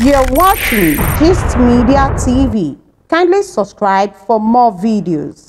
You're watching Gist Media TV. Kindly subscribe for more videos.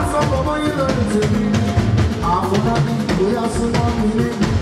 Asọ́kọ̀ mọ́yìn lórí tèmi, àfọ̀nà mi, bóyá súnmọ́ mi níbi.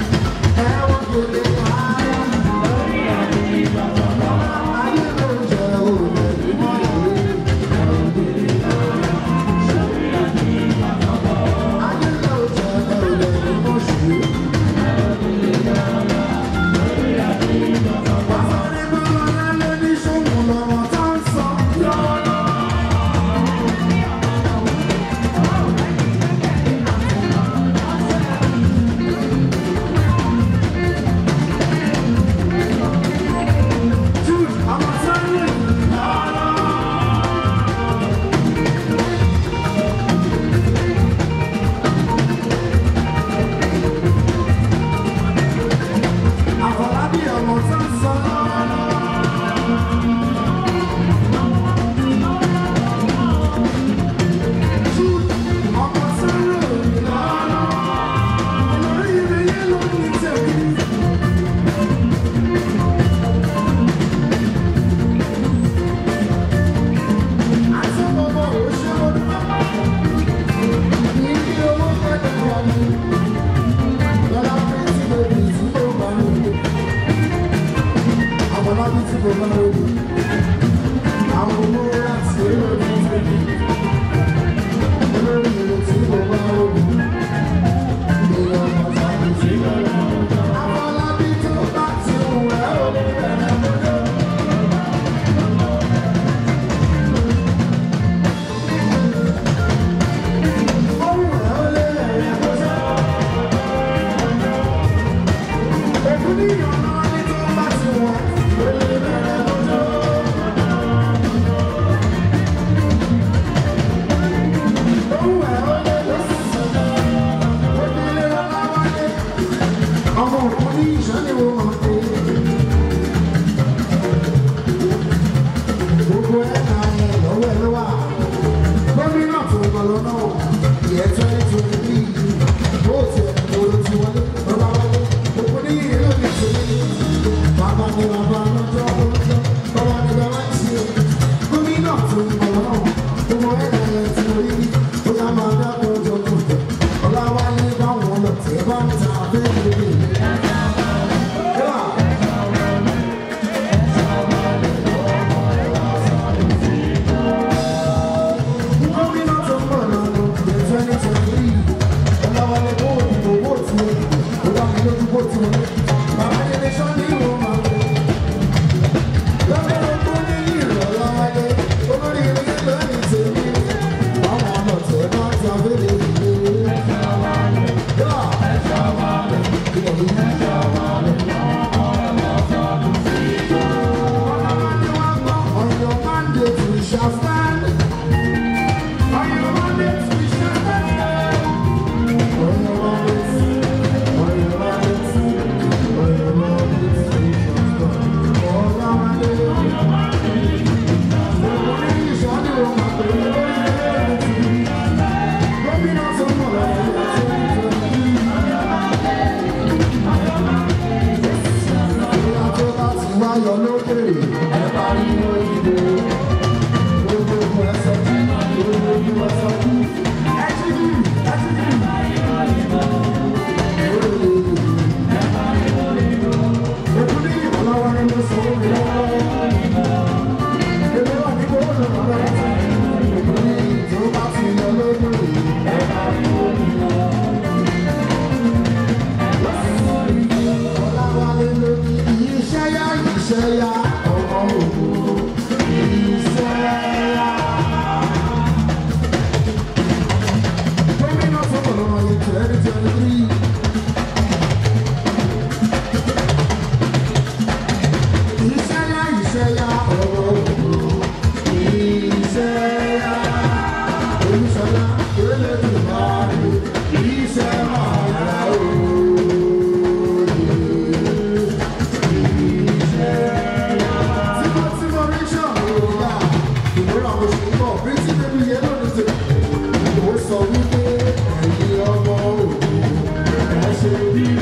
Thank you.